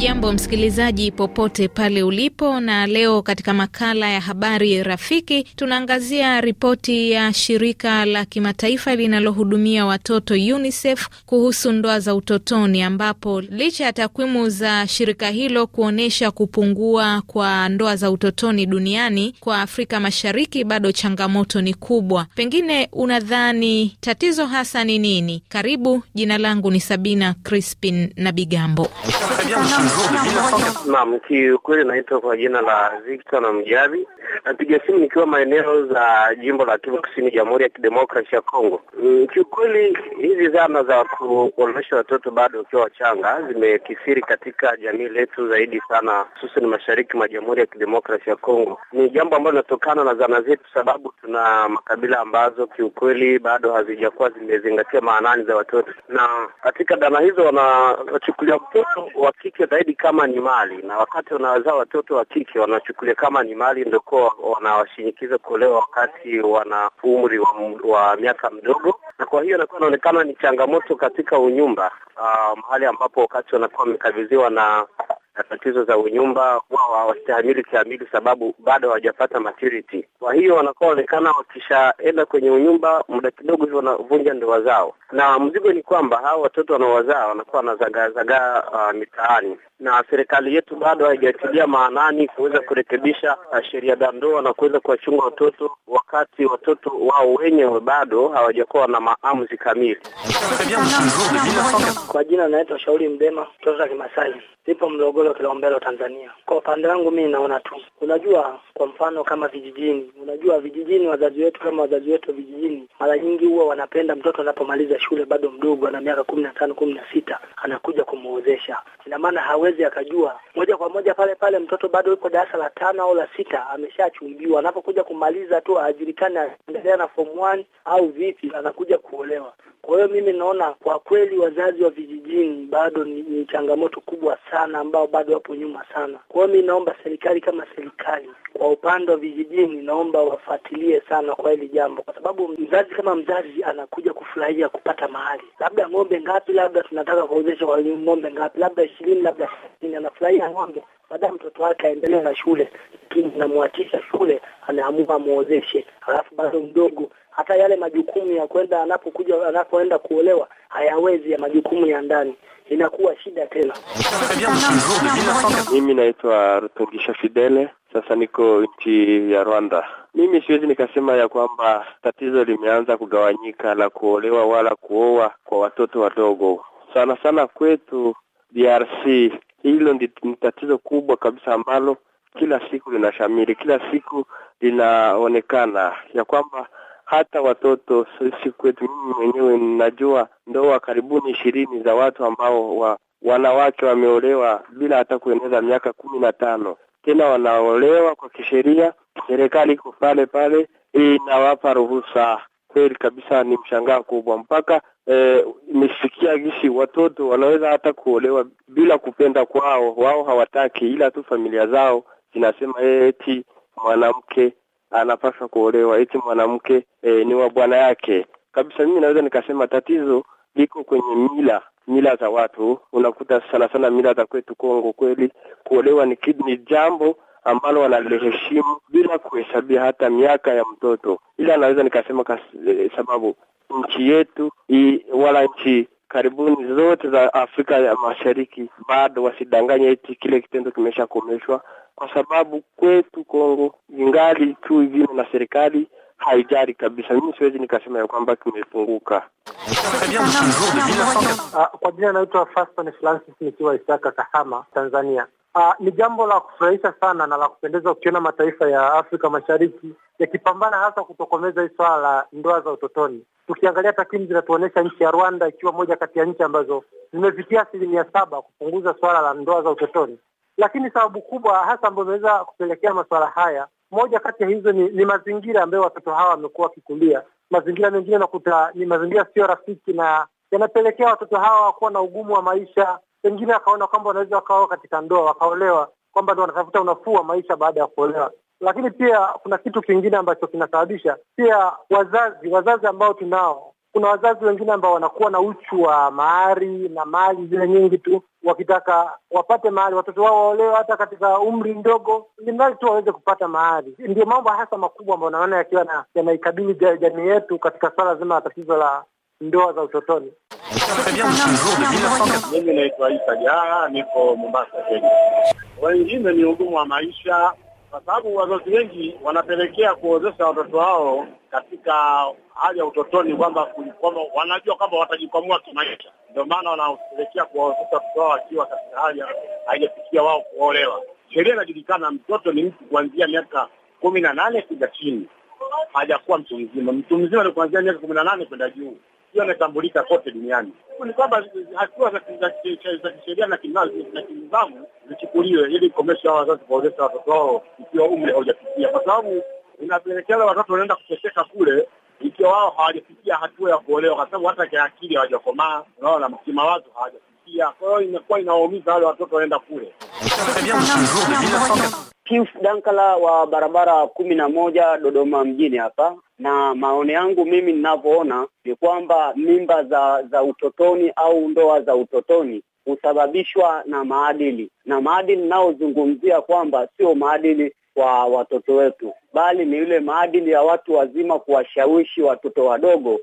Ujambo msikilizaji popote pale ulipo, na leo katika makala ya habari rafiki tunaangazia ripoti ya shirika la kimataifa linalohudumia watoto UNICEF kuhusu ndoa za utotoni, ambapo licha ya takwimu za shirika hilo kuonyesha kupungua kwa ndoa za utotoni duniani, kwa Afrika Mashariki bado changamoto ni kubwa. Pengine unadhani tatizo hasa ni nini? Karibu, jina langu ni Sabina Crispin na Bigambo. Naam, kiukweli naitwa kwa jina la Victor na Mjavi. Napiga simu nikiwa maeneo za jimbo la Kivu Kusini, Jamhuri ya Kidemokrasia ya Kongo. Mm, kiukweli hizi zana za kuonesha watoto bado wakiwa wachanga zimekithiri katika jamii letu zaidi sana, hususani mashariki mwa Jamhuri ya Kidemokrasia ya Kongo. Ni jambo ambalo linatokana na zana zetu, sababu tuna makabila ambazo kiukweli bado hazijakuwa zimezingatia maanani za watoto, na katika dhana hizo wanachukulia mtoto wa kike zaidi kama ni mali, na wakati wanawazaa watoto wa kike wanachukulia kama ni mali, ndio wanawashinikiza kuolewa wakati wana umri wa, wa miaka mdogo, na kwa hiyo inakuwa inaonekana ni changamoto katika unyumba ah, mahali um, ambapo wakati wanakuwa wamekabidhiwa na tatizo za unyumba huwa hawastahimili kiamili, sababu bado hawajapata maturity. Kwa hiyo wanakuwa waonekana wakishaenda kwenye unyumba muda kidogo hivyo wanavunja ndoa zao, na mzigo ni kwamba hao watoto wanaowazaa wanakuwa wanazagaazagaa uh, ah, mitaani na serikali yetu bado haijatilia maanani kuweza kurekebisha uh, sheria za ndoa na kuweza kuwachunga watoto, wakati watoto wao wenyewe bado hawajakuwa na maamuzi kamili. Kwa jina naitwa Shauri Mdema, mtoto wa Kimasai, nipo Mlogolo, Kilombero, Tanzania. Kwa upande wangu mimi naona tu, unajua, kwa mfano kama vijijini, unajua vijijini, wazazi wetu kama wazazi wetu vijijini, mara nyingi huwa wanapenda mtoto anapomaliza shule bado mdogo, ana miaka kumi na tano kumi na sita anakuja kumwozesha, ina maana hawe hawezi akajua moja kwa moja pale pale, mtoto bado yuko darasa la tano au la sita, ameshachumbiwa. Anapokuja kumaliza tu ajulikane aendelea na form one au vipi, anakuja kuolewa. Kwa hiyo mimi naona kwa kweli wazazi wa vijijini bado ni, ni changamoto kubwa sana ambao bado wapo nyuma sana. Kwa hiyo mimi naomba serikali kama serikali, kwa upande wa vijijini, naomba wafuatilie sana kwa hili jambo, kwa sababu mzazi kama mzazi anakuja kufurahia kupata mahali, labda ng'ombe ngapi, labda tunataka kuozesha kwa ng'ombe ngapi, labda ishirini, labda thelathini, anafurahia ng'ombe baadaye mtoto wake aendelee na shule, lakini namwachisha shule, anaamua amwozeshe, alafu bado mdogo hata yale majukumu ya kwenda anapokuja anapoenda kuolewa hayawezi, ya majukumu ya ndani inakuwa shida tena. Mimi naitwa Rutungisha Fidele, sasa niko nchi ya Rwanda. Mimi siwezi nikasema ya kwamba tatizo limeanza kugawanyika la kuolewa wala kuoa kwa watoto wadogo. Sana sana kwetu DRC hilo ni tatizo kubwa kabisa ambalo kila siku linashamiri, kila siku linaonekana ya kwamba hata watoto sisi kwetu mimi mwenyewe ninajua ndoa karibuni ishirini za watu ambao wa wanawake wameolewa bila hata kueneza miaka kumi na tano tena wanaolewa kwa kisheria. Serikali iko pale pale inawapa ruhusa. Kweli kabisa, ni mshangaa kubwa mpaka e, imesikia gisi watoto wanaweza hata kuolewa bila kupenda kwao, wao hawataki, ila tu familia zao zinasema eh, eti mwanamke anapaswa kuolewa, eti mwanamke e, ni wa bwana yake kabisa. Mimi naweza nikasema tatizo liko kwenye mila mila za watu. Unakuta sana sana mila za kwetu Kongo, kweli kuolewa ni, ni jambo ambalo wanaliheshimu bila kuhesabia hata miaka ya mtoto, ila naweza nikasema kas, e, sababu nchi yetu i, wala nchi karibuni zote za Afrika ya Mashariki bado wasidanganye eti kile kitendo kimeshakomeshwa, kwa sababu kwetu Kongo vingali tu vimo na serikali haijari kabisa. Mimi siwezi nikasema ya kwamba kimepunguka. Ah, kwa jina naitwa Faston Francis nikiwa Isaka, Kahama, Tanzania. Ah, ni jambo la kufurahisha sana na la kupendeza ukiona mataifa ya Afrika Mashariki yakipambana hasa kutokomeza hii swala la ndoa za utotoni. Tukiangalia takwimu zinatuonyesha nchi ya Rwanda ikiwa moja kati ya nchi ambazo zimefikia asilimia saba kupunguza swala la ndoa za utotoni, lakini sababu kubwa hasa ambayo imeweza kupelekea masuala haya, moja kati ya hizo ni, ni mazingira ambayo watoto hawa wamekuwa wakikulia. Mazingira mengine unakuta ni mazingira sio rafiki na yanapelekea watoto hawa kuwa na ugumu wa maisha pengine akaona kwamba wanaweza wakawa katika ndoa wakaolewa, kwamba ndo wanatafuta unafuu wa maisha baada ya kuolewa. Lakini pia kuna kitu kingine ambacho kinasababisha pia wazazi, wazazi ambao tunao kuna wazazi wengine ambao wanakuwa na uchu wa mahari na mali zile nyingi tu, wakitaka wapate mahari watoto wao waolewe hata katika umri mdogo, limradi tu waweze kupata mahari. Ndio mambo hasa makubwa ambayo naona yakiwa yanaikabili jamii yetu katika swala zima la tatizo la ndoa za utotoni. Mimi naitwa Isa Jaa, niko Mombasa, Kenya. Wengine ni ugumu wa maisha, kwa sababu wazazi wengi wanapelekea kuozesha watoto wao katika hali ya utotoni, kwamba kwamba wanajua kwamba watajikwamua kimaisha, ndio maana wanapelekea kuwaozesha watoto wao wakiwa katika hali haijafikia wao kuolewa. Sheria inajulikana, mtoto ni mtu kuanzia miaka kumi na nane kuja chini, hajakuwa mtu mzima. Mtu mzima ni kuanzia miaka kumi na nane kwenda juu hiyo inatambulika kote duniani. Ni kwamba hatua za kisheria na kinidhamu zichukuliwe ili kukomesha wazazi kuwaozesha watoto wao ikiwa umri haujafikia, kwa sababu inapelekea watoto wanaenda kuteseka kule ikiwa wao hawajafikia hatua ya kuolewa, kwa sababu hata kiakili hawajakomaa, unaona, kimawazo hawajafikia. Kwa hiyo imekuwa inawaumiza wale watoto wanaenda kule Chief Dankala wa barabara kumi na moja Dodoma mjini hapa, na maoni yangu mimi ninavyoona ni kwamba mimba za za utotoni au ndoa za utotoni husababishwa na maadili, na maadili ninayozungumzia kwamba sio maadili kwa watoto wetu, bali ni yule maadili ya watu wazima kuwashawishi watoto wadogo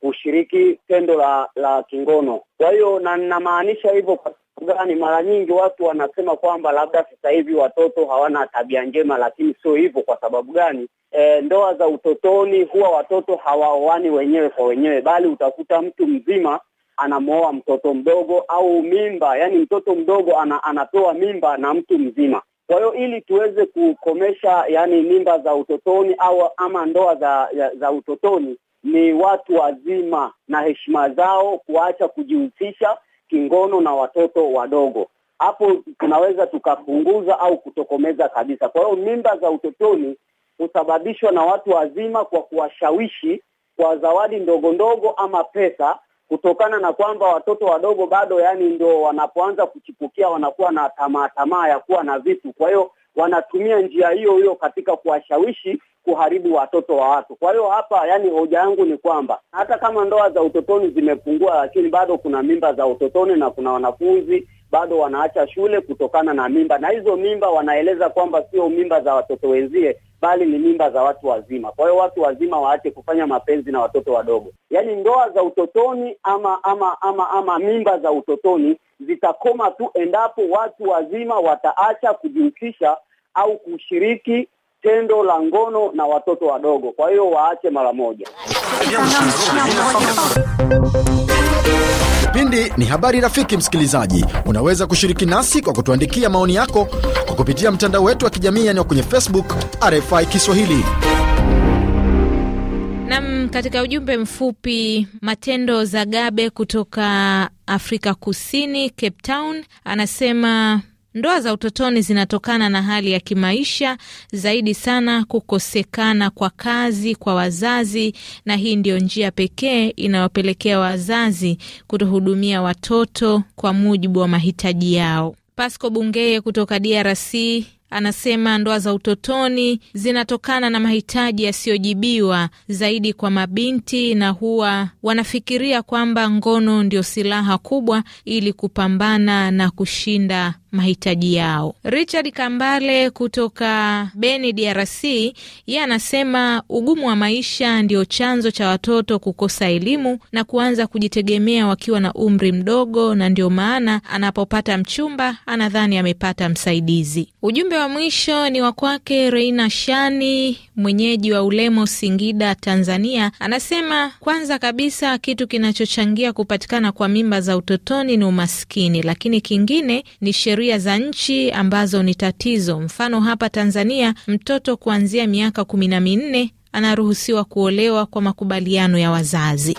kushiriki tendo la la kingono. Kwa hiyo na ninamaanisha hivyo kwa gani? Mara nyingi watu wanasema kwamba labda sasa hivi watoto hawana tabia njema, lakini sio hivyo. Kwa sababu gani? E, ndoa za utotoni huwa watoto hawaoani wenyewe kwa wenyewe, bali utakuta mtu mzima anamwoa mtoto mdogo au mimba, yani mtoto mdogo ana, anapewa mimba na mtu mzima. Kwa hiyo ili tuweze kukomesha yani mimba za utotoni au ama ndoa za, ya, za utotoni, ni watu wazima na heshima zao kuacha kujihusisha kingono na watoto wadogo. Hapo tunaweza tukapunguza au kutokomeza kabisa. Kwa hiyo mimba za utotoni husababishwa na watu wazima kwa kuwashawishi kwa zawadi ndogo ndogo ama pesa, kutokana na kwamba watoto wadogo bado, yani, ndio wanapoanza kuchipukia, wanakuwa na tamaa tamaa ya kuwa na vitu. Kwa hiyo wanatumia njia hiyo hiyo katika kuwashawishi kuharibu watoto wa watu. Kwa hiyo hapa, yani, hoja yangu ni kwamba hata kama ndoa za utotoni zimepungua, lakini bado kuna mimba za utotoni na kuna wanafunzi bado wanaacha shule kutokana na mimba, na hizo mimba wanaeleza kwamba sio mimba za watoto wenzie, bali ni mimba za watu wazima. Kwa hiyo watu wazima waache kufanya mapenzi na watoto wadogo. Yaani ndoa za utotoni ama ama ama ama mimba za utotoni zitakoma tu endapo watu wazima wataacha kujihusisha au kushiriki tendo la ngono na watoto wadogo. Kwa hiyo waache mara moja. Kipindi ni habari rafiki. Msikilizaji, unaweza kushiriki nasi kwa kutuandikia maoni yako kwa kupitia mtandao wetu wa kijamii yani kwenye Facebook RFI Kiswahili. Nam, katika ujumbe mfupi, Matendo Zagabe kutoka Afrika Kusini, Cape Town, anasema Ndoa za utotoni zinatokana na hali ya kimaisha zaidi sana, kukosekana kwa kazi kwa wazazi, na hii ndiyo njia pekee inayopelekea wazazi kutohudumia watoto kwa mujibu wa mahitaji yao. Pasco Bungeye kutoka DRC, Anasema ndoa za utotoni zinatokana na mahitaji yasiyojibiwa zaidi kwa mabinti, na huwa wanafikiria kwamba ngono ndio silaha kubwa ili kupambana na kushinda mahitaji yao. Richard Kambale kutoka Beni, DRC, yeye anasema ugumu wa maisha ndio chanzo cha watoto kukosa elimu na kuanza kujitegemea wakiwa na umri mdogo, na ndio maana anapopata mchumba anadhani amepata msaidizi. Ujumbe wa mwisho ni wa kwake Reina Shani, mwenyeji wa Ulemo, Singida, Tanzania. Anasema kwanza kabisa kitu kinachochangia kupatikana kwa mimba za utotoni ni umaskini, lakini kingine ni sheria za nchi ambazo ni tatizo. Mfano hapa Tanzania, mtoto kuanzia miaka kumi na minne anaruhusiwa kuolewa kwa makubaliano ya wazazi.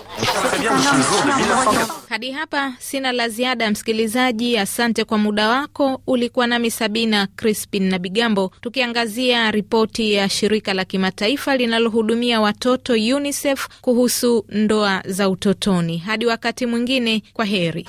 Hadi hapa sina la ziada, msikilizaji. Asante kwa muda wako. Ulikuwa nami Sabina Crispin na Bigambo, tukiangazia ripoti ya shirika la kimataifa linalohudumia watoto UNICEF kuhusu ndoa za utotoni. Hadi wakati mwingine, kwa heri.